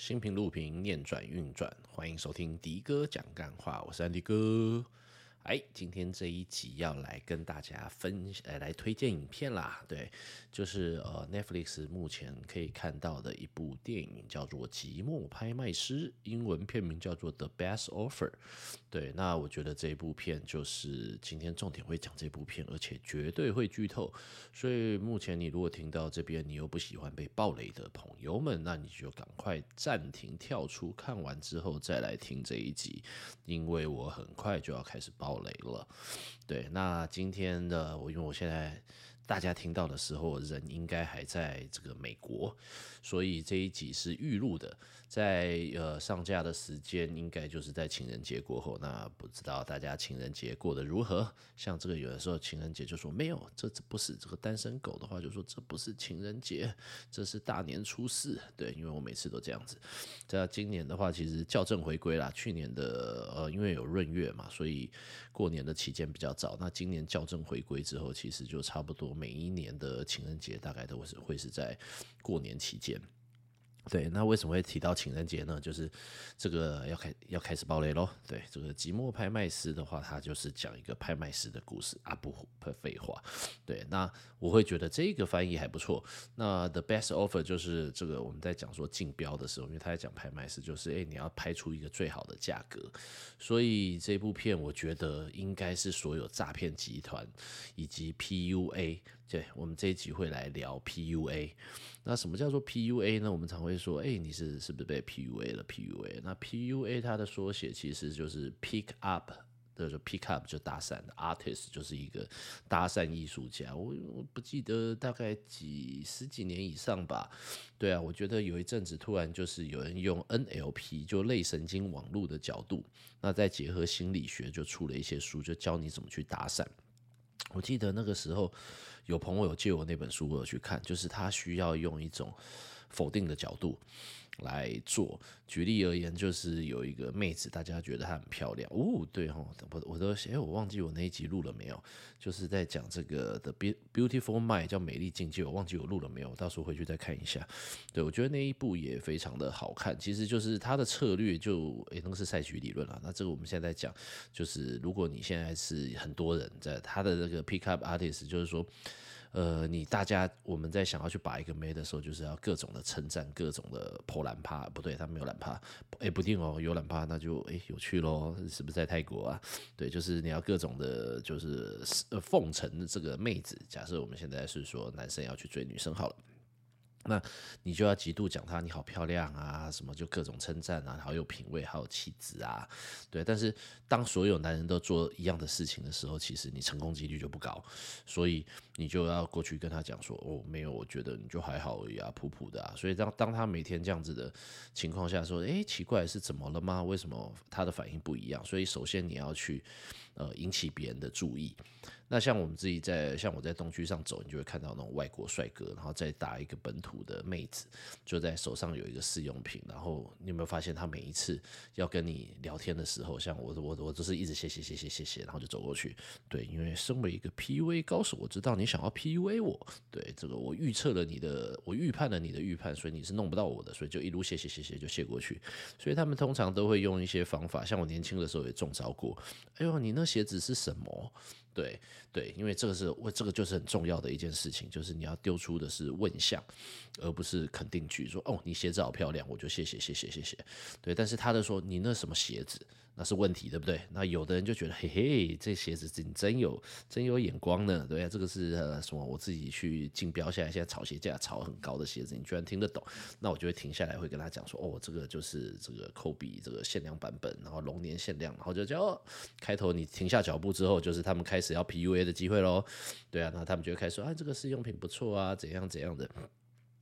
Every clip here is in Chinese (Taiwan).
心平，路平，念轉，運轉。歡迎收聽迪哥講幹話。我是安迪哥。哎，今天這一集要來跟大家分享，呃，來推薦影片啦。對，就是呃，Netflix 目前可以看到的一部電影叫做《寂寞拍賣師》，英文片名叫做《The Best Offer》。對，那我覺得這一部片就是今天重點會講這部片，而且絕對會劇透。所以目前你如果聽到這邊，你又不喜歡被爆雷的朋友們，那你就趕快暫停跳出，看完之後再來聽這一集，因為我很快就要開始爆。爆雷了，對，那今天的我，因為我現在大家聽到的時候，人應該還在這個美國。所以這一集是預錄的，在呃上架的時間應該就是在情人節過後。那不知道大家情人節過得如何？像這個有的時候情人節就說沒有，這不是這個單身狗的話就說這不是情人節，這是大年初四。對，因為我每次都這樣子。在今年的話，其實校正回歸啦。去年的呃因為有閏月嘛，所以過年的期間比較早。那今年校正回歸之後，其實就差不多每一年的情人節大概都是會是在過年期間。對，那為什麼會提到情人節呢？就是這個要開要開始爆雷咯。對，這個《寂寞拍賣師》的話，他就是講一個拍賣師的故事啊，不不廢話。對，那我會覺得這個翻譯還不錯。那 The best offer 就是這個我們在講說競標的時候，因為他在講拍賣師，就是哎、欸，你要拍出一個最好的價格。所以這部片我覺得應該是所有詐騙集團以及 PUA。對我們這一集會來聊 PUA，那什麼叫做 PUA 呢？我們常會說，哎、欸，你是是不是被 PUA 了？PUA，那 PUA 它的縮寫其實就是 pick up，對，就是 pick up 就搭訕的 artist 就是一個搭訕藝術家。我我不記得大概幾十幾年以上吧。對啊，我覺得有一陣子突然就是有人用 NLP 就類神經網絡的角度，那再結合心理學，就出了一些書，就教你怎麼去搭訕。我記得那個時候，有朋友有借我那本書，我去看，就是他需要用一種，否定的角度來做。舉例而言，就是有一個妹子，大家覺得她很漂亮。哦，對哦，我我都想、欸、我忘記我那一集錄了沒有？就是在講這個的 The Beautiful Mind 叫美麗境界，我忘記我錄了沒有？到時候回去再看一下。對我覺得那一部也非常的好看。其實就是她的策略就也都、欸、是賽局理論了。那這個我們現在在講，就是如果你現在是很多人在他的這個 pickup artist，就是說。呃，你大家我們在想要去把一個妹的時候，就是要各種的稱讚，各種的破爛趴，不對，他沒有爛趴，哎、欸，不定哦，有爛趴那就哎、欸、有趣咯，是不是在泰國啊？對，就是你要各種的，就是、呃、奉承這個妹子。假設我們現在是說男生要去追女生好了。那你就要極度講她你好漂亮啊，什麼就各種稱讚啊，好有品味，好有氣質啊，對。但是當所有男人都做一樣的事情的時候，其實你成功幾率就不高，所以你就要過去跟他講說，哦，沒有，我覺得你就還好呀、啊，普普的啊。所以當當他每天這樣子的情況下說，誒、欸，奇怪，是怎麼了嗎？為什麼他的反應不一樣？所以首先你要去。呃，引起別人的注意。那像我們自己在，像我在東區上走，你就會看到那種外國帥哥，然後再搭一個本土的妹子，就在手上有一個試用品。然後你有沒有發現，他每一次要跟你聊天的時候，像我，我，我就是一直謝謝謝謝謝謝，然後就走過去。對，因為身為一個 PUA 高手，我知道你想要 PUA 我，對，這個我預測了你的，我預判了你的預判，所以你是弄不到我的，所以就一路謝謝謝謝就謝過去。所以他們通常都會用一些方法，像我年輕的時候也中招過。哎呦，你那。鞋子是什麼？對對，因為這個是我這個就是很重要的一件事情，就是你要丟出的是問項，而不是肯定句。說哦，你鞋子好漂亮，我就謝謝謝謝謝謝。對，但是他就說你那什麼鞋子，那是問題，對不對？那有的人就覺得嘿嘿，這鞋子你真有真有眼光呢。對啊，這個是什麼？我自己去競標下，現在現在炒鞋價炒很高的鞋子，你居然聽得懂，那我就會停下來，會跟他講說哦，這個就是這個科比這個限量版本，然後龍年限量，然後就叫開頭你停下腳步之後，就是他們開始。只要 PUA 的機會咯，對啊，那他們就會開始說啊，這個試用品不錯啊，怎樣怎樣的。那，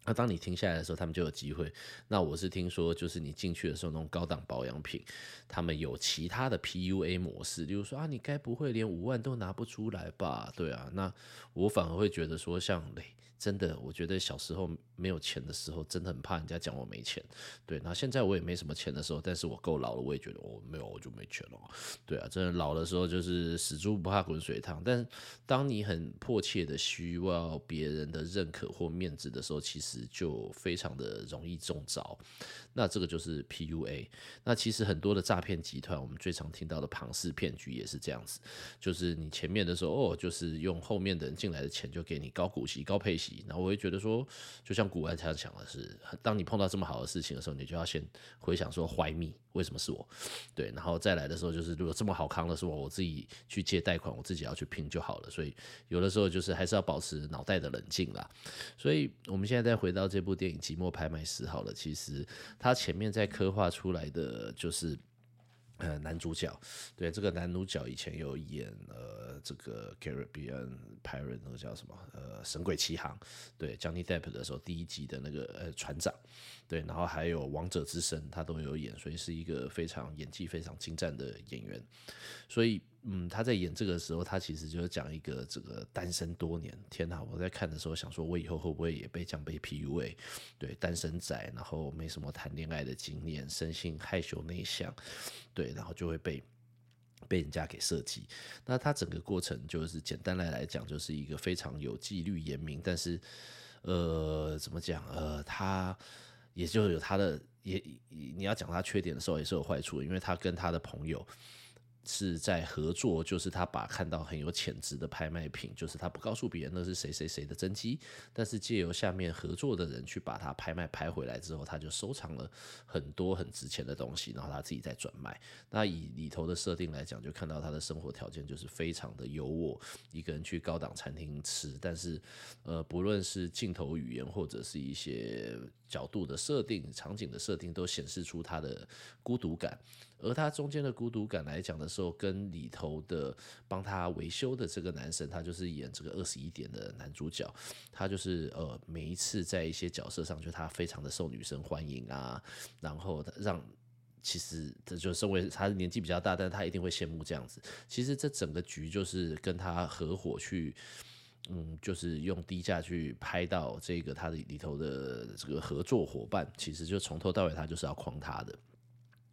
啊，當你停下來的時候，他們就有機會。那我是聽說，就是你進去的時候，那種高檔保養品，他們有其他的 PUA 模式，例如說啊，你該不會連五萬都拿不出來吧？對啊，那我反而會覺得說像真的，我覺得小時候沒有錢的時候，真的很怕人家講我沒錢。對，那現在我也沒什麼錢的時候，但是我夠老了，我也覺得我、哦、沒有我就沒錢了。對啊，真的老的時候就是死豬不怕滾水燙。但當你很迫切的需要別人的認可或面子的時候，其實就非常的容易中招。那這個就是 PUA。那其實很多的詐騙集團，我們最常聽到的龐氏騙局也是這樣子，就是你前面的時候，哦，就是用後面的人進來的錢就給你高股息、高配息。然後我會覺得說，就像古外常想的是，當你碰到這麼好的事情的時候，你就要先回想說，Why me？為什麼是我？對，然後再來的時候，就是如果這麼好康的是我，我自己去借貸款，我自己要去拼就好了。所以有的時候就是還是要保持腦袋的冷靜啦。所以我們現在再回到這部電影《寂寞拍賣師》好了，其實它前面在刻畫出來的就是。呃，男主角，對這個男主角以前有演呃，這個《Caribbean Pirate》那個叫什麼？呃，《神鬼奇航》對，對，Johnny Depp 的時候第一集的那個呃船長，對，然後還有《王者之聲》，他都有演，所以是一個非常演技非常精湛的演員，所以。嗯，他在演這個的時候，他其實就是講一個這個單身多年。天啊，我在看的時候想說，我以後會不會也被這樣被 PUA？對，單身仔，然後沒什麼談戀愛的經驗，生性害羞內向，對，然後就會被被人家給設計。那他整個過程就是簡單來來講，就是一個非常有紀律嚴明，但是呃，怎麼講？呃，他也就有他的也，你要講他缺點的時候，也是有壞處，因為他跟他的朋友。是在合作，就是他把看到很有潛質的拍賣品，就是他不告訴別人那是誰誰誰的真跡，但是借由下面合作的人去把它拍賣拍回來之後，他就收藏了很多很值錢的東西，然後他自己再轉賣。那以裡頭的設定來講，就看到他的生活條件就是非常的優渥，一個人去高檔餐廳吃，但是呃，不論是鏡頭語言或者是一些。角度的設定、場景的設定都顯示出他的孤獨感，而他中間的孤獨感來講的時候，跟裡頭的幫他維修的這個男生，他就是演這個二十一點的男主角，他就是呃每一次在一些角色上，就他非常的受女生歡迎啊，然後讓其實他就身為他年紀比較大，但他一定會羨慕這樣子。其實這整個局就是跟他合夥去。嗯，就是用低價去拍到這個他的裡頭的這個合作夥伴，其實就從頭到尾他就是要誆他的。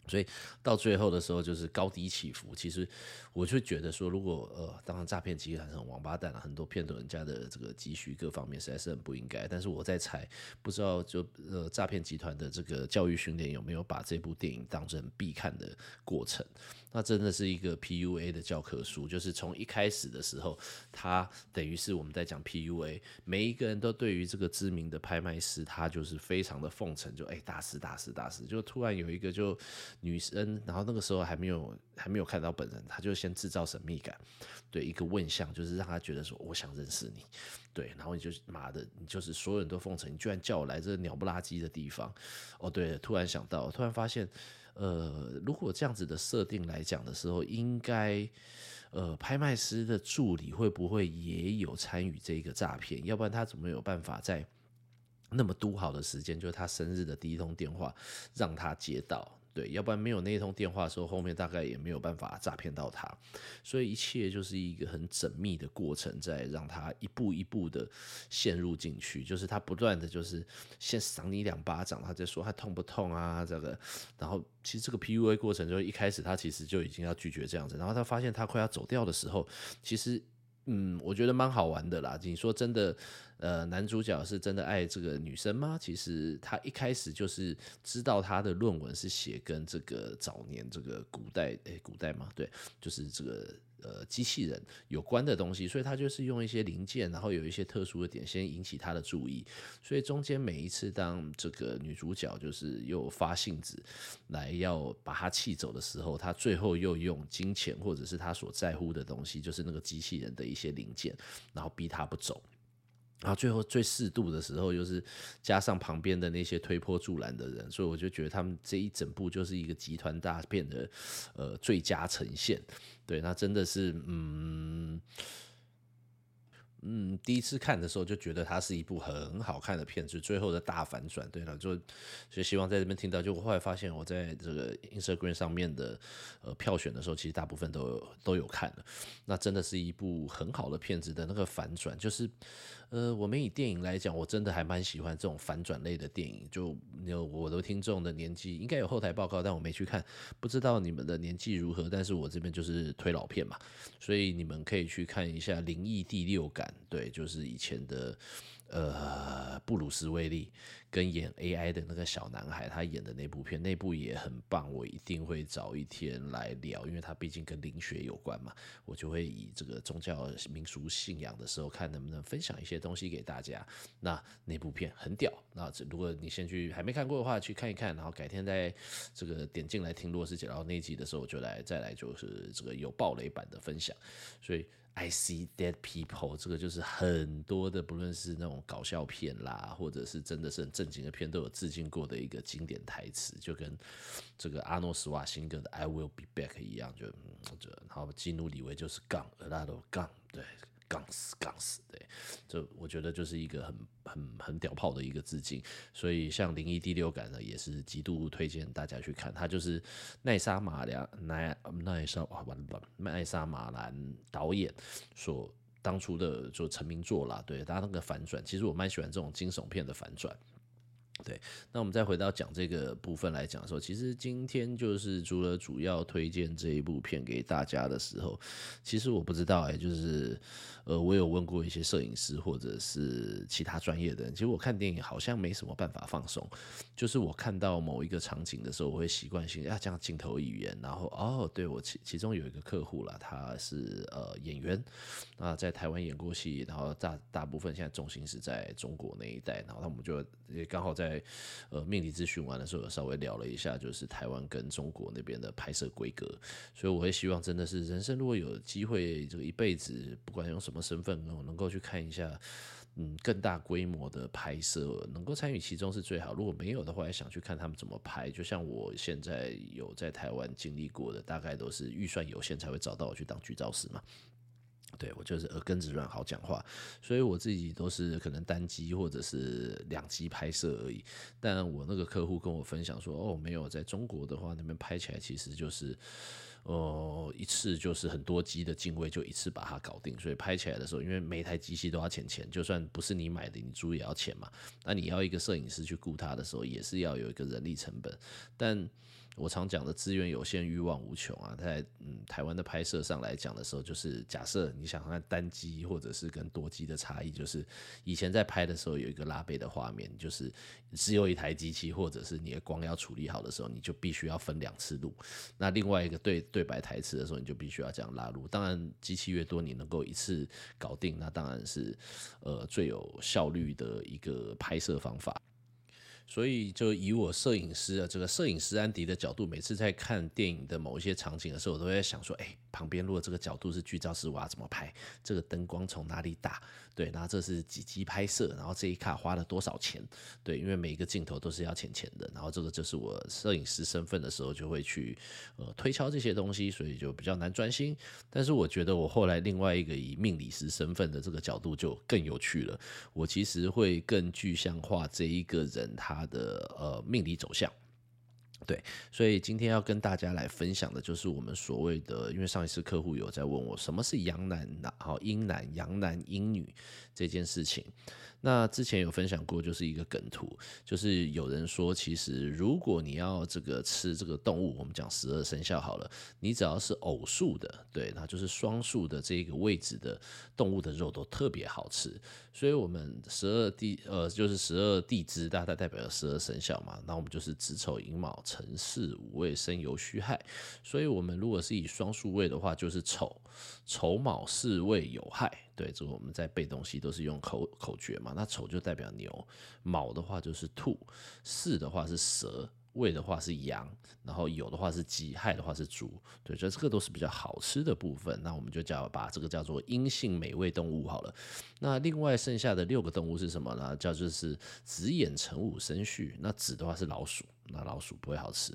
所以到最後的時候，就是高低起伏。其實我就覺得說，如果呃，當然詐騙集團是很王八蛋啊，很多騙走人家的這個積蓄，各方面實在是很不應該。但是我在猜，不知道就呃詐騙集團的這個教育訓練有沒有把這部電影當成必看的過程？那真的是一個 PUA 的教科書，就是從一開始的時候，他等於是我們在講 PUA，每一個人都對於這個知名的拍賣師，他就是非常的奉承，就哎、欸、大師大師大師，就突然有一個就。女生，然後那個時候還沒有還沒有看到本人，他就先制造神秘感，對，一個問向，就是讓他覺得說我想認識你，對，然後你就媽的，你就是所有人都奉承，你居然叫我來這個、鳥不拉嘰的地方，哦，對，突然想到，突然發現，呃，如果這樣子的設定來講的時候，應該，呃，拍賣師的助理會不會也有參與這個詐騙？要不然他怎麼有辦法在那麼都好的時間，就是他生日的第一通電話讓他接到？對，要不然沒有那通電話的時候，後面大概也沒有辦法詐騙到他，所以一切就是一個很縝密的過程，在讓他一步一步的陷入進去。就是他不斷的就是先賞你兩巴掌，他再說他痛不痛啊這個，然後其實這個 PUA 過程就一開始他其實就已經要拒絕這樣子，然後他發現他快要走掉的時候，其實。嗯，我覺得蠻好玩的啦。你說真的，呃，男主角是真的愛這個女生嗎？其實他一開始就是知道他的論文是寫跟這個早年這個古代，誒，古代嘛，對，就是這個。呃，機器人有關的東西，所以他就是用一些零件，然後有一些特殊的點，先引起他的注意。所以中間每一次，當這個女主角就是又發性子來要把他氣走的時候，他最後又用金錢或者是他所在乎的東西，就是那個機器人的一些零件，然後逼他不走。然後最後最適度的時候，又是加上旁邊的那些推波助瀾的人，所以我就覺得他們這一整部就是一個集團大片的，呃，最佳呈現。對，那真的是，嗯嗯，第一次看的時候就覺得它是一部很好看的片子，最後的大反轉。對了，就所以希望在這邊聽到，就我後來發現我在這個 Instagram 上面的呃票選的時候，其實大部分都有都有看。那真的是一部很好的片子的那個反轉，就是。呃，我們以電影來講，我真的還蠻喜歡這種反轉類的電影。就你有我的聽眾的年紀，應該有後台報告，但我沒去看，不知道你們的年紀如何。但是我這邊就是推老片嘛，所以你們可以去看一下《靈異第六感》。對，就是以前的。呃，布魯斯·威利，跟演 AI 的那個小男孩，他演的那部片，那部也很棒，我一定會找一天來聊，因為他畢竟跟靈學有關嘛，我就會以這個宗教民俗信仰的時候，看能不能分享一些東西給大家。那那部片很屌，那如果你先去還沒看過的話，去看一看，然後改天在這個點進來聽洛師姐，然後那集的時候我就來再來就是這個有暴雷版的分享，所以。I see dead people，這個就是很多的，不論是那種搞笑片啦，或者是真的是很正經的片，都有致敬過的一個經典台詞，就跟這個阿諾·斯瓦辛格的《I will be back》一樣，就就、嗯、然後基努·李維就是 Gun, a lot of gun, 對。槓死，槓死，對，就我覺得就是一個很很很屌炮的一個致敬。所以像《靈異第六感》呢，也是極度推薦大家去看。他就是奈莎馬良奈奈莎，啊，完了吧，奈莎馬蘭導演所當初的就成名作啦，對，他那個反轉，其實我蠻喜歡這種驚悚片的反轉。對，那我們再回到講這個部分來講的時候，其實今天就是除了主要推薦這一部片給大家的時候，其實我不知道哎、欸，就是呃，我有問過一些攝影師或者是其他專業的人，其實我看電影好像沒什麼辦法放鬆，就是我看到某一個場景的時候，我會習慣性啊這樣鏡頭語言，然後哦，對我其其中有一個客戶啦，他是呃演員啊，在台灣演過戲，然後大大部分現在重心是在中國那一帶，然後他們就也剛好在。在呃命理諮詢完的時候，我稍微聊了一下，就是台灣跟中國那邊的拍攝規格，所以我會希望真的是人生如果有機會，這個一輩子不管用什麼身份，我能夠去看一下，嗯，更大規模的拍攝，能夠參與其中是最好。如果沒有的話，也想去看他們怎麼拍。就像我現在有在台灣經歷過的，大概都是預算有限才會找到我去當劇照師嘛。對，我就是耳根子軟，好講話，所以我自己都是可能單機或者是兩機拍攝而已。但我那個客戶跟我分享說，哦，沒有，在中國的話，那邊拍起來其實就是，哦、呃，一次就是很多機的進位，就一次把它搞定。所以拍起來的時候，因為每台機器都要錢錢，就算不是你買的，你租也要錢嘛。那你要一個攝影師去僱他的時候，也是要有一個人力成本。但我常講的資源有限，慾望無窮啊，在嗯台灣的拍攝上來講的時候，就是假設你想看單機或者是跟多機的差異，就是以前在拍的時候有一個拉背的畫面，就是只有一台機器或者是你的光要處理好的時候，你就必須要分兩次錄。那另外一個對對白台詞的時候，你就必須要這樣拉錄。當然，機器越多，你能夠一次搞定，那當然是呃最有效率的一個拍攝方法。所以，就以我攝影師、啊、這個攝影師安迪的角度，每次在看電影的某一些場景的時候，我都在想說，哎、欸，旁邊如果這個角度是劇照師，是我要怎麼拍？這個燈光從哪裡打？對，那這是幾集拍攝，然後這一卡花了多少錢？對，因為每一個鏡頭都是要錢錢的，然後這個就是我攝影師身份的時候就會去呃推敲這些東西，所以就比較難專心。但是我覺得我後來另外一個以命理師身份的這個角度就更有趣了，我其實會更具象化這一個人他的呃命理走向。對，所以今天要跟大家來分享的，就是我們所謂的，因為上一次客戶有在問我，什麼是陽男男，好，陰男、陽男、陰女這件事情。那之前有分享過，就是一個梗圖，就是有人說，其實如果你要這個吃這個動物，我們講十二生肖好了，你只要是偶數的，對，那就是雙數的這個位置的動物的肉都特別好吃。所以我們十二地，呃，就是十二地支，大概代表十二生肖嘛。那我們就是子丑寅卯辰巳午未申酉戌亥，所以我們如果是以雙數位的話，就是丑、丑卯巳未酉亥。對，這個我們在背東西都是用口口訣嘛。那丑就代表牛，卯的話就是兔，巳的話是蛇，未的話是羊，然後酉的話是雞，亥的話是豬。對，所以這個都是比較好吃的部分。那我們就叫把這個叫做陰性美味動物好了。那另外剩下的六個動物是什麼呢？叫就是子寅辰午申戌，那子的話是老鼠。那老鼠不會好吃。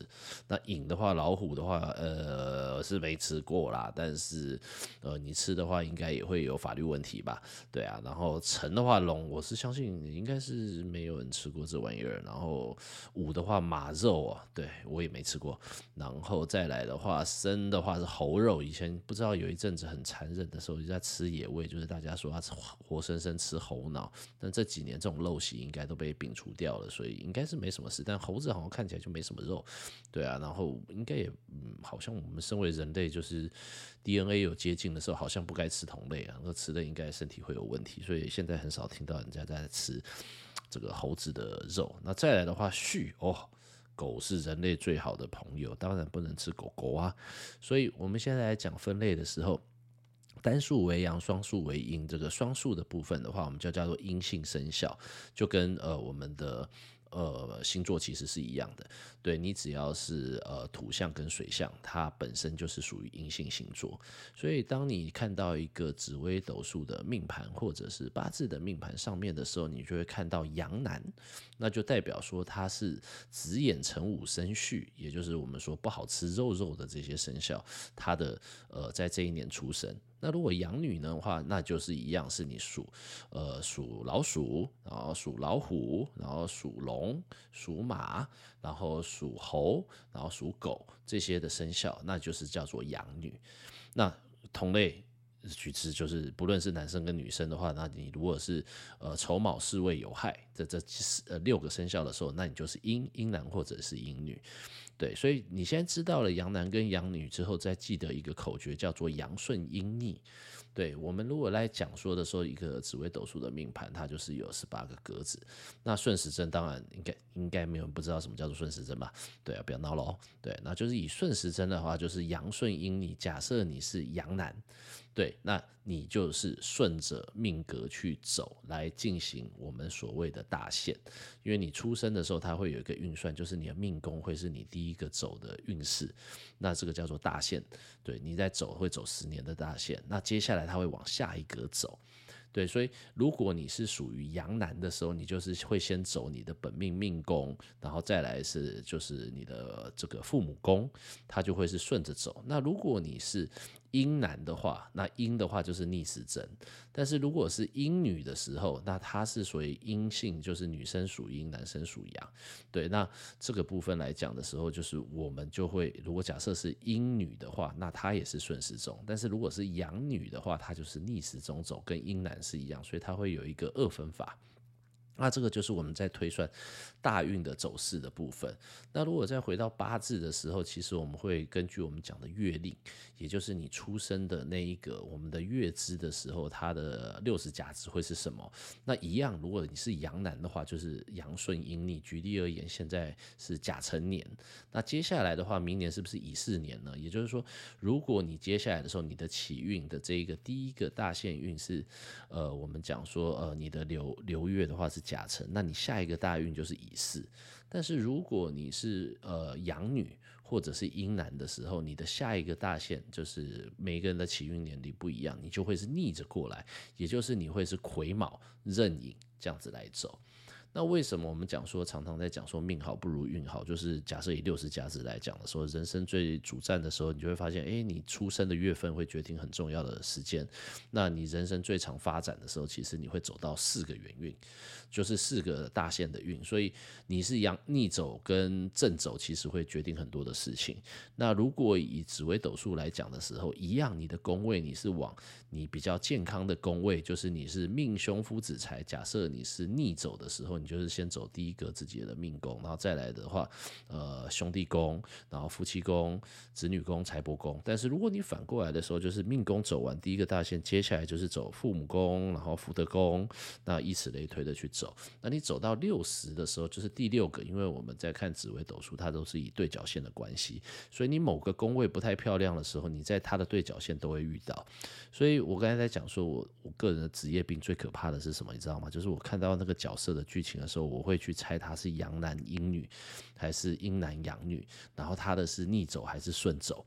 那寅的話，老虎的話，呃,是沒吃過啦。但是，呃，你吃的話，應該也會有法律問題吧？對啊。然後，辰的話，龍我是相信應該是沒有人吃過這玩意兒。然後，午的話，馬肉啊，對，我也沒吃過。然後再來的話，申的話是猴肉。以前不知道有一陣子很殘忍的時候，就在吃野味，就是大家說啊，活生生吃猴腦。但這幾年這種陋習應該都被摒除掉了，所以應該是沒什麼事。但猴子好像看看起來就沒什麼肉，對啊，然後應該也、嗯，好像我們身為人類，就是 DNA 有接近的時候，好像不該吃同類啊，那吃的應該身體會有問題，所以現在很少聽到人家在吃這個猴子的肉。那再來的話，畜哦，狗是人類最好的朋友，當然不能吃狗狗啊。所以我們現在來講分類的時候，單數為陽，雙數為陰。這個雙數的部分的話，我們就叫做陰性生肖，就跟呃我們的。呃，星座其實是一樣的，對，你只要是呃土象跟水象，它本身就是屬於陰性星座。所以當你看到一個紫微斗數的命盤或者是八字的命盤上面的時候，你就會看到陽男，那就代表說它是子寅辰午申戌，也就是我們說不好吃肉肉的這些生肖，它的呃在這一年出生。那如果陽女呢，的話，那就是一樣，是你屬，呃，屬老鼠，然後屬老虎，然後屬龍，屬馬，然後屬猴，然後屬狗，後屬狗這些的生肖，那就是叫做陽女。那同類，其實就是不論是男生跟女生的話，那你如果是呃丑卯巳未酉亥，這這六個生肖的時候，那你就是陰陰男或者是陰女。對，所以你現在知道了陽男跟陽女之後，再記得一個口訣叫做“陽順陰逆”對。對我們如果來講說的時候，一個紫微斗數的命盤，它就是有十八個格子。那順時針當然應該應該，應該沒有人不知道什麼叫做順時針吧？對啊，不要鬧嘍。對，那就是以順時針的話，就是陽順陰逆。假設你是陽男。對，那你就是順着命格去走，來進行我們所謂的大限，因為你出生的時候，它會有一個運算，就是你的命宮會是你第一個走的運勢，那這個叫做大限。對，你在走會走十年的大限，那接下來它會往下一格走。對，所以如果你是屬於陽男的時候，你就是會先走你的本命命宮，然後再來是就是你的這個父母宮，它就會是順着走。那如果你是陰男的話，那陰的話就是逆時針；但是如果是陰女的時候，那她是屬於陰性，就是女生屬陰，男生屬陽。對，那這個部分來講的時候，就是我們就會，如果假設是陰女的話，那她也是順時鐘；但是如果是陽女的話，她就是逆時鐘走，跟陰男是一樣，所以它會有一個二分法。那這個就是我們在推算大運的走勢的部分。那如果再回到八字的時候，其實我們會根據我們講的月令，也就是你出生的那一個我們的月支的時候，它的六十甲子會是什麼？那一樣，如果你是陽男的話，就是陽順陰逆。舉例而言，現在是甲辰年，那接下來的話，明年是不是乙巳年呢？也就是說，如果你接下來的時候，你的起運的這一個第一個大限運是，呃，我們講說，呃，你的流流月的話是。甲辰，那你下一個大運就是乙巳。但是如果你是呃陽女或者是陰男的時候，你的下一個大限就是每個人的起運年齡不一樣，你就會是逆着過來，也就是你會是癸卯、壬寅這樣子來走。那為什麼我們講說常常在講說命好不如運好？就是假設以六十甲子來講的時候，說人生最主戰的時候，你就會發現，哎、欸，你出生的月份會決定很重要的時間。那你人生最長發展的時候，其實你會走到四個元運，就是四個大限的運。所以你是陽逆走跟正走，其實會決定很多的事情。那如果以紫微斗數來講的時候，一樣，你的宮位你是往你比較健康的宮位，就是你是命兄夫子財。假設你是逆走的時候。你就是先走第一個自己的命宮，然後再來的話，呃，兄弟宮，然後夫妻宮、子女宮、財帛宮。但是如果你反過來的時候，就是命宮走完第一個大限，接下來就是走父母宮，然後福德宮，那以此類推的去走。那你走到六十的時候，就是第六個，因為我們在看紫微斗數，它都是以對角線的關係，所以你某個宮位不太漂亮的時候，你在它的對角線都會遇到。所以我剛才在講說，我我個人的職業病最可怕的是什麼，你知道嗎？就是我看到那個角色的劇情的時候，我會去猜他是陽男陰女，還是陰男陽女，然後他的是逆走還是順走。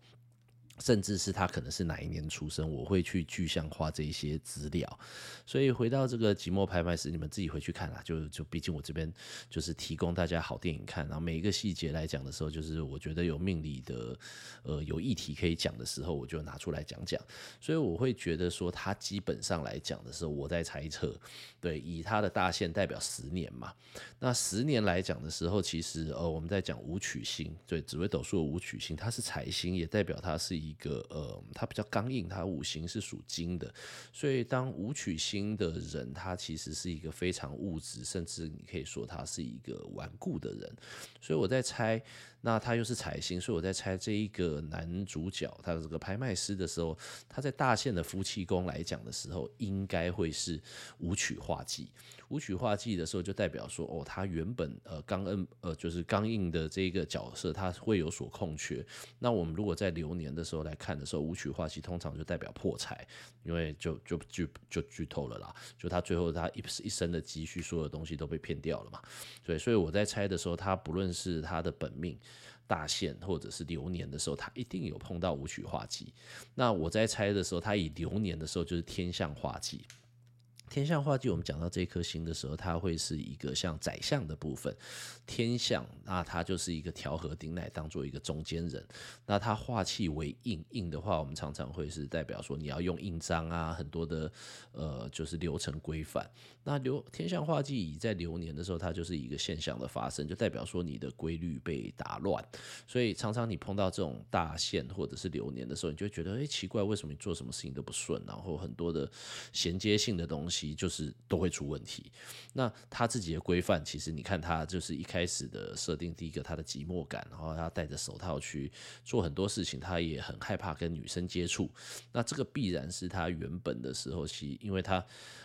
甚至是他可能是哪一年出生，我會去具象化這一些資料。所以回到這個寂寞拍賣師，你們自己回去看啦，就就畢竟我這邊就是提供大家好電影看。然後每一個細節來講的時候，就是我覺得有命理的呃有議題可以講的時候，我就拿出來講講。所以我會覺得說，他基本上來講的時候，我在猜測，對，以他的大限代表十年嘛。那十年來講的時候，其實呃我們在講武曲星，對，紫微斗數的武曲星，它是財星，也代表它是。一個呃，他比較剛硬，他五行是屬金的，所以當武曲星的人，他其實是一個非常物質，甚至你可以說他是一個頑固的人。所以我在猜，那他又是財星，所以我在猜這一個男主角，他的這個拍賣師的時候，他在大限的夫妻宮來講的時候，應該會是武曲化忌。武曲化忌的時候，就代表說，哦，他原本呃剛恩呃就是剛硬的這一個角色，他會有所空缺。那我們如果在流年的時候來看的時候，武曲化忌通常就代表破財，因為就就就就劇透了啦，就他最後他一一生的積蓄所有東西都被騙掉了嘛。對，所以所以我在猜的時候，他不論是他的本命大限或者是流年的時候，他一定有碰到武曲化忌。那我在猜的時候，他以流年的時候就是天象化忌。天相化忌，我們講到這顆星的時候，它會是一個像宰相的部分，天相啊，那它就是一個調和鼎鼐，當做一個中間人。那它化氣為印，印的話，我們常常會是代表說你要用印章啊，很多的呃，就是流程規範。那流天相化忌，已在流年的時候，它就是一個現象的發生，就代表說你的規律被打亂。所以常常你碰到這種大限或者是流年的時候，你就會覺得，哎，奇怪，為什麼你做什麼事情都不順？然後很多的銜接性的東西。就是都會出問題。那他自己的規範，其實你看他就是一開始的設定，第一個他的寂寞感，然後他戴着手套去做很多事情，他也很害怕跟女生接觸。那這個必然是他原本的時候，其實因為他。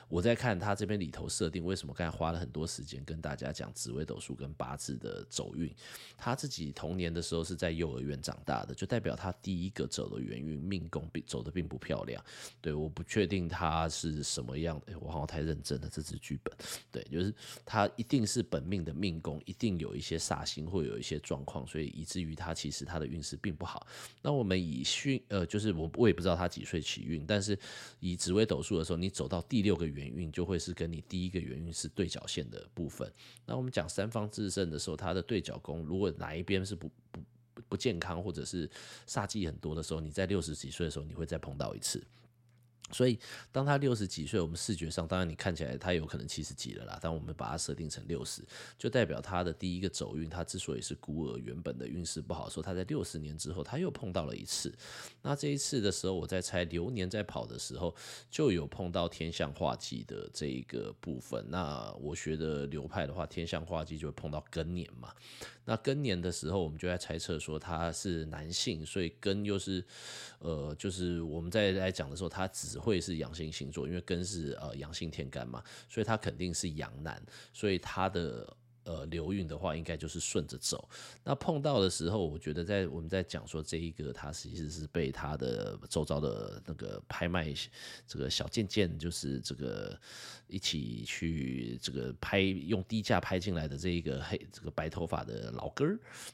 我在看他這邊裡頭設定，為什麼剛才花了很多時間跟大家講紫微斗數跟八字的走運？他自己童年的時候是在幼兒園長大的，就代表他第一個走的元運命宮走的並不漂亮。對，我不確定他是什麼樣的、欸，我好像太認真了，這支劇本。對，就是他一定是本命的命宮一定有一些煞星，會有一些狀況，所以以至於他其實他的運勢並不好。那我們以迅，呃，就是我我也不知道他幾歲起運，但是以紫微斗數的時候，你走到第六個運，原因就會是跟你第一個原因是對角線的部分。那我們講三方四正的時候，它的對角宮如果哪一邊是不不不健康或者是煞氣很多的時候，你在六十幾歲的時候，你會再碰到一次。所以，當他六十幾歲，我們視覺上當然你看起來他有可能七十幾了啦，但我們把它設定成六十，就代表他的第一個走運。他之所以是孤兒，原本的運勢不好，說他在六十年之後他又碰到了一次。那這一次的時候，我在猜流年在跑的時候，就有碰到天象化忌的這一個部分。那我學的流派的話，天象化忌就會碰到庚年嘛。那庚年的時候，我們就在猜測說他是男性，所以庚又是呃，就是我們再來講的時候，他只。會是陽性星座，因為根是呃陽性天干嘛，所以他肯定是陽男，所以他的。呃，流運的話應該就是順着走。那碰到的時候，我覺得在我們在講說這一個，他其實是被他的周遭的那個拍賣，這個小賤賤就是這個一起去這個拍用低價拍進來的這一個黑這個白頭髮的老哥，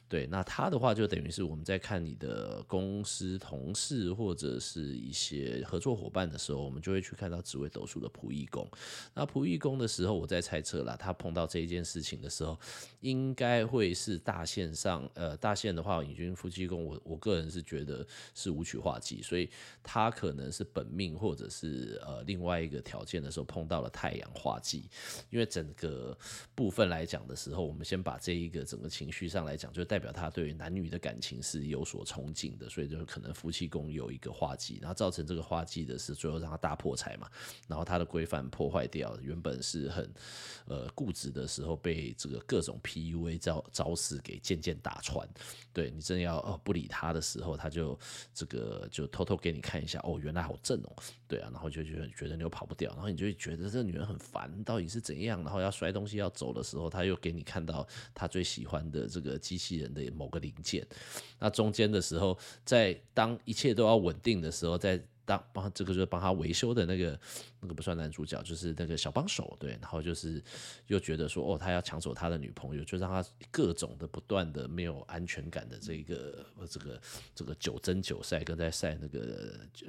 對，那他的話就等於是我們在看你的公司同事或者是一些合作夥伴的時候，我們就會去看到紫微斗數的僕役宮。那僕役宮的時候，我在猜測啦，他碰到這一件事情的時候。應該會是大限上，呃，大限的話，尹君夫妻宮，我我個人是覺得是武曲化忌，所以他可能是本命或者是呃另外一個條件的時候碰到了太陽化忌。因為整個部分來講的時候，我們先把這一個整個情緒上來講，就代表他對男女的感情是有所憧憬的，所以就是可能夫妻宮有一個化忌，然後造成這個化忌的是最後讓他大破財嘛，然後他的規範破壞掉，原本是很呃固執的時候被這個。各種 PUA 招招式給漸漸打穿，對你真的要哦，不理他的時候，他就這個就偷偷給你看一下，哦，原來好正哦，對啊，然後就覺得覺得你又跑不掉，然後你就會覺得這個女人很煩，到底是怎樣？然後要摔東西要走的時候，他又給你看到他最喜歡的這個機器人的某個零件。那中間的時候，在當一切都要穩定的時候，在當幫這個就是幫他維修的那個那個不算男主角，就是那個小幫手，對。然後就是又覺得說，哦，他要搶走他的女朋友，就讓他各種的不斷的沒有安全感的這個這個這個九、這個、蒸九曬，跟在曬那個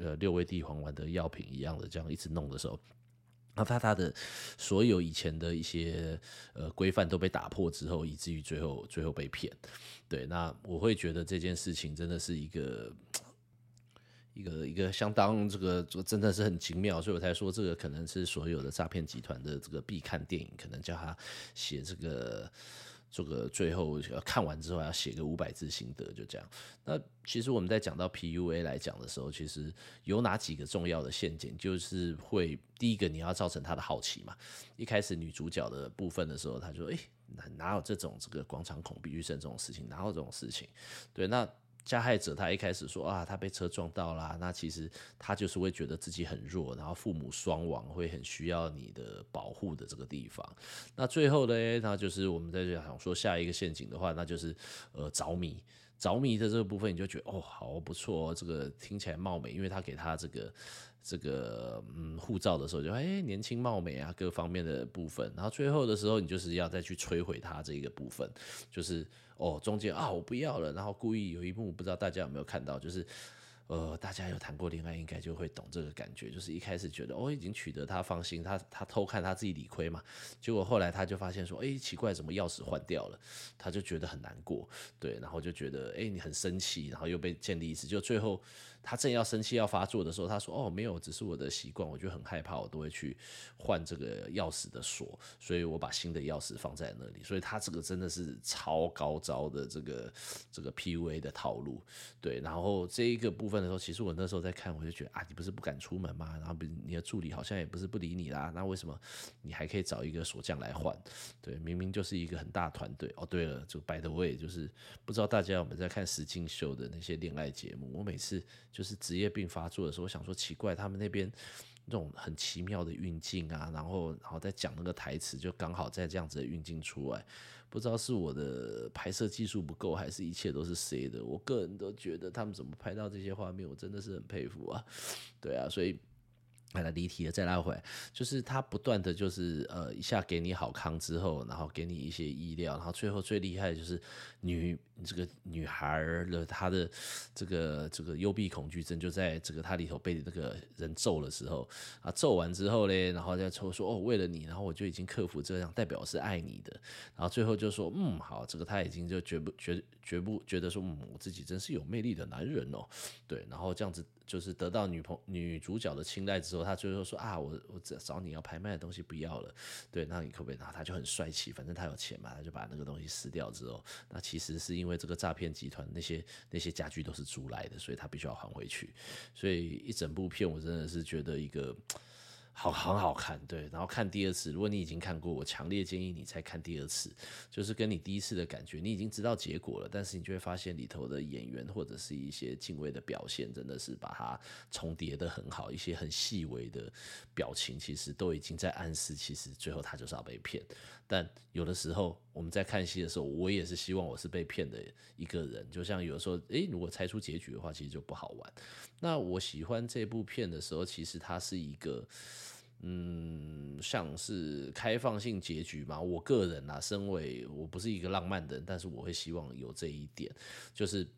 呃六味地黃丸的藥品一樣的，這樣一直弄的時候，那他他的所有以前的一些呃規範都被打破之後，以至於最後最後被騙。對，那我會覺得這件事情真的是一個。一個一個相當這個，真的是很奇妙，所以我才說這個可能是所有的詐騙集團的這個必看電影，可能叫他寫這個這個最後要看完之後要寫個五百字心得，就這樣。那其實我們在講到 PUA 來講的時候，其實有哪幾個重要的陷阱？就是會第一個你要造成他的好奇嘛。一開始女主角的部分的時候，他就哎哪、欸、哪有這種這個廣場恐懼症這種事情，哪有這種事情？對，那。加害者他一開始說啊，他被車撞到啦，那其實他就是會覺得自己很弱，然後父母雙亡會很需要你的保護的這個地方。那最後呢，那就是我們在這想說下一個陷阱的話，那就是呃着迷，着迷的這個部分你就覺得哦，好不錯喔，這個聽起來貌美，因為他給他這個。這個嗯護照的時候就，就、欸、哎年輕貌美啊各方面的部分，然後最後的時候你就是要再去摧毀他這一個部分，就是哦中間啊我不要了，然後故意有一幕不知道大家有沒有看到，就是呃大家有談過戀愛應該就會懂這個感覺，就是一開始覺得哦，已經取得他芳心，他他偷看他自己理虧嘛，結果後來他就發現說哎、欸、奇怪怎麼鑰匙換掉了？他就覺得很難過，對，然後就覺得哎、欸、你很生氣，然後又被建立一次，就最後。他正要生氣要發作的時候，他說：“哦，沒有，只是我的習慣，我就很害怕，我都會去換這個鑰匙的鎖，所以我把新的鑰匙放在那裡。”所以他這個真的是超高招的這個這個 PUA 的套路，對。然後這一個部分的時候，其實我那時候在看，我就覺得啊，你不是不敢出門嗎？然後你的助理好像也不是不理你啦，那為什麼你還可以找一個鎖匠來換？對，明明就是一個很大團隊。哦，對了，就 By the way，就是不知道大家有沒有在看實境秀的那些戀愛節目，我每次。就是職業病發作的時候，我想說奇怪，他們那邊那種很奇妙的運鏡啊，然後，然後再講那個台詞，就剛好在這樣子的運鏡出來，不知道是我的拍攝技術不夠，還是一切都是誰的？我個人都覺得他們怎麼拍到這些畫面，我真的是很佩服啊，對啊，所以。把它離題了，再拉回來，就是他不斷的就是呃一下給你好康之後，然後給你一些意料，然後最後最厲害的就是女這個女孩的她的這個這個幽閉恐懼症，就在這個她裡頭被那個人揍的時候啊，揍完之後嘞，然後再抽說哦，為了你，然後我就已經克服這樣，代表我是愛你的，然後最後就說嗯好，這個他已經就絕不絕絕不覺得說嗯，我自己真是有魅力的男人哦，對，然後這樣子。就是得到女朋女主角的青睞之後，他最後說啊，我我只找你要拍賣的東西不要了，對，那你可不可以拿？他就很帥氣，反正他有錢嘛，他就把那個東西撕掉之後，那其實是因為這個詐騙集團那些那些家具都是租來的，所以他必須要還回去。所以一整部片我真的是覺得一個。好，很好看，對。然後看第二次，如果你已經看過，我強烈建議你再看第二次，就是跟你第一次的感覺，你已經知道結果了，但是你就會發現裡頭的演員或者是一些敬畏的表現，真的是把它重疊得很好，一些很細微的表情，其實都已經在暗示，其實最後他就是要被騙。但有的時候。我們在看戲的時候，我也是希望我是被騙的一個人。就像有時候，欸，如果猜出結局的話，其實就不好玩。那我喜歡這部片的時候，其實它是一個，嗯，像是開放性結局嘛。我個人啊，身為我不是一個浪漫的人，但是我會希望有這一點，就是。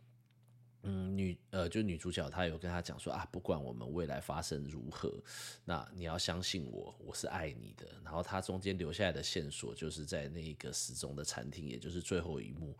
嗯，女、呃，就女主角她有跟他講說啊，不管我們未來發生如何，那你要相信我，我是愛你的。然後他中間留下來的線索，就是在那個時鐘的餐廳，也就是最後一幕。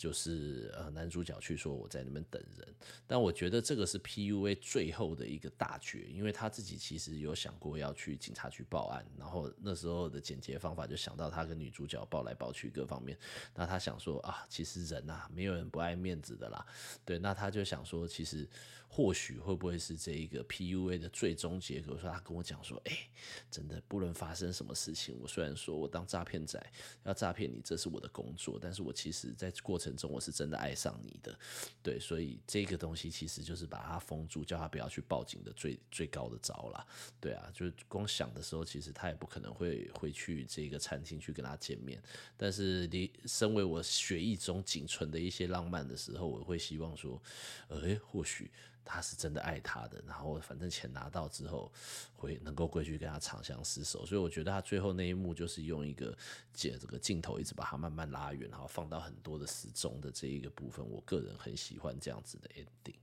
就是呃，男主角去說我在那邊等人，但我覺得這個是 PUA 最後的一個大絕，因為他自己其實有想過要去警察局報案，然後那時候的剪接方法就想到他跟女主角抱來抱去各方面，那他想說啊，其實人啊，沒有人不愛面子的啦，對，那他就想說，其實或許會不會是這一個 PUA 的最終結果？說他跟我講說，哎、欸，真的，不論發生什麼事情，我雖然說我當詐騙仔要詐騙你，這是我的工作，但是我其實在過程。我是真的愛上你的，對，所以這個東西其實就是把它封住，叫他不要去報警的最最高的招了，對啊，就是光想的時候，其實他也不可能會回去這個餐廳去跟他見面。但是你身為我血液中僅存的一些浪漫的時候，我會希望說，呃、欸，或許。他是真的愛他的，然後反正錢拿到之後，會能夠歸去跟他長相廝守。所以我覺得他最後那一幕就是用一個剪這個鏡頭，一直把它慢慢拉遠，然後放到很多的時鐘的這一個部分。我個人很喜歡這樣子的 ending。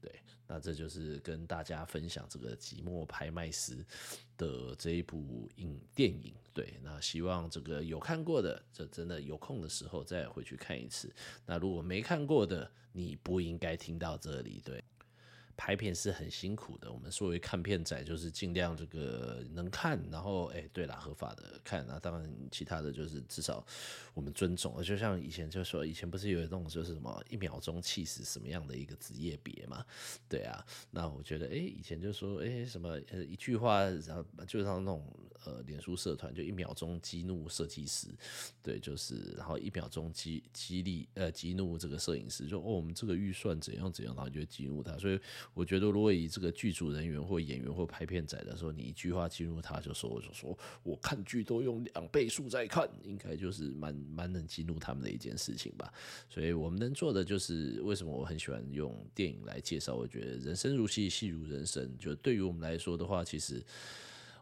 對，那這就是跟大家分享這個《寂寞拍賣師》的這一部影電影。對，那希望這個有看過的，這真的有空的時候再回去看一次。那如果沒看過的，你不應該聽到這裡。對。拍片是很辛苦的，我們作為看片仔，就是盡量這個能看，然後哎、欸，對啦，合法的看，那當然其他的就是至少我們尊重。就像以前就說，以前不是有那種就是什麼一秒鐘氣死什麼樣的一個職業別嘛？對啊，那我覺得哎、欸，以前就說哎、欸、什麼、呃、一句話，然後就像那種呃臉書社團就一秒鐘激怒設計師，對，就是然後一秒鐘激激勵呃激怒這個攝影師，就哦我們這個預算怎樣怎樣，然後就激怒他，所以。我覺得，如果以這個劇組人員或演員或拍片仔的時候，你一句話激怒他，就說我就說我看劇都用兩倍速在看，應該就是蠻蠻能激怒他們的一件事情吧。所以我們能做的就是，為什麼我很喜歡用電影來介紹？我覺得人生如戲，戲如人生，就對於我們來說的話，其實。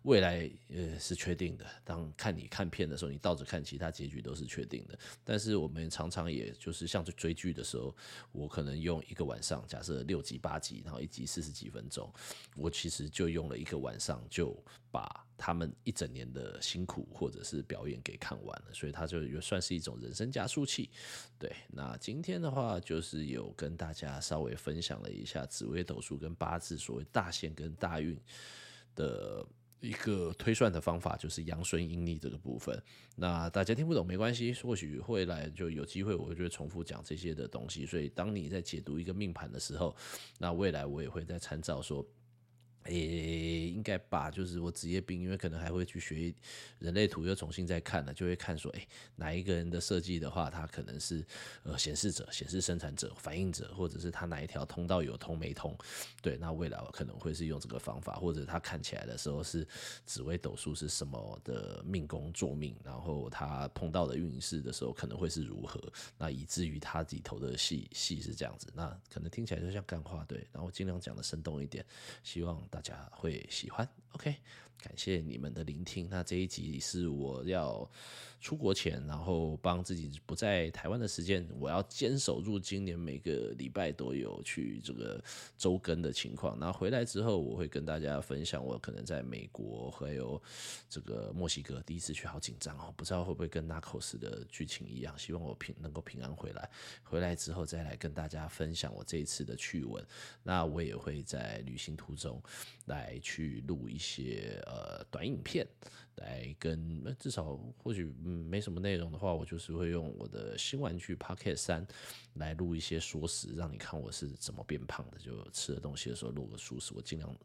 未來呃是確定的。當看你看片的時候，你倒着看，其他結局都是確定的。但是我們也常常也就是像追劇的時候，我可能用一個晚上，假設六集八集，然後一集四十幾分鐘，我其實就用了一個晚上就把他們一整年的辛苦或者是表演給看完了。所以它就也算是一種人生加速器。對，那今天的話就是有跟大家稍微分享了一下紫微斗數跟八字，所謂大限跟大運的，一個推算的方法，就是陽順陰逆這個部分，那大家聽不懂沒關係，或許會來就有機會，我就會重複講這些的東西。所以，當你在解讀一個命盤的時候，那未來我也會再參照說。誒、欸，應該吧，就是我職業病，因為可能還會去學人類圖，又重新再看了，就會看說，哎、欸，哪一個人的設計的話，他可能是呃顯示者、顯示生產者、反映者，或者是他哪一條通道有通沒通？對，那未來我可能會是用這個方法，或者他看起來的時候是紫微斗數是什麼的命宮坐命，然後他碰到的運勢的時候可能會是如何，那以至於他裡頭的戲戲是這樣子，那可能聽起來就像幹話，對，然後盡量講得生動一點，希望，大家會喜歡。OK，感謝你們的聆聽。那這一集是我要出國前，然後幫自己不在台灣的時間，我要堅守住今年每個禮拜都有去這個周更的情況。那回來之後，我會跟大家分享我可能在美國還有這個墨西哥第一次去，好緊張哦，不知道會不會跟 Narcos 的劇情一樣。希望我平能夠平安回來。回來之後再來跟大家分享我這一次的趣聞。那我也會在旅行途中來去錄一。些呃、短影片來跟，那至少或許沒什麼內容的話，我就是會用我的新玩具 Pocket 3來錄一些說食，讓你看我是怎麼變胖的。就吃的東西的時候錄個說食，我盡量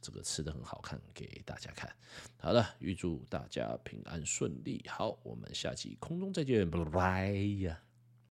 這個吃的很好看給大家看。好了，預祝大家平安順利。好，我們下集空中再見，拜拜呀。拜拜。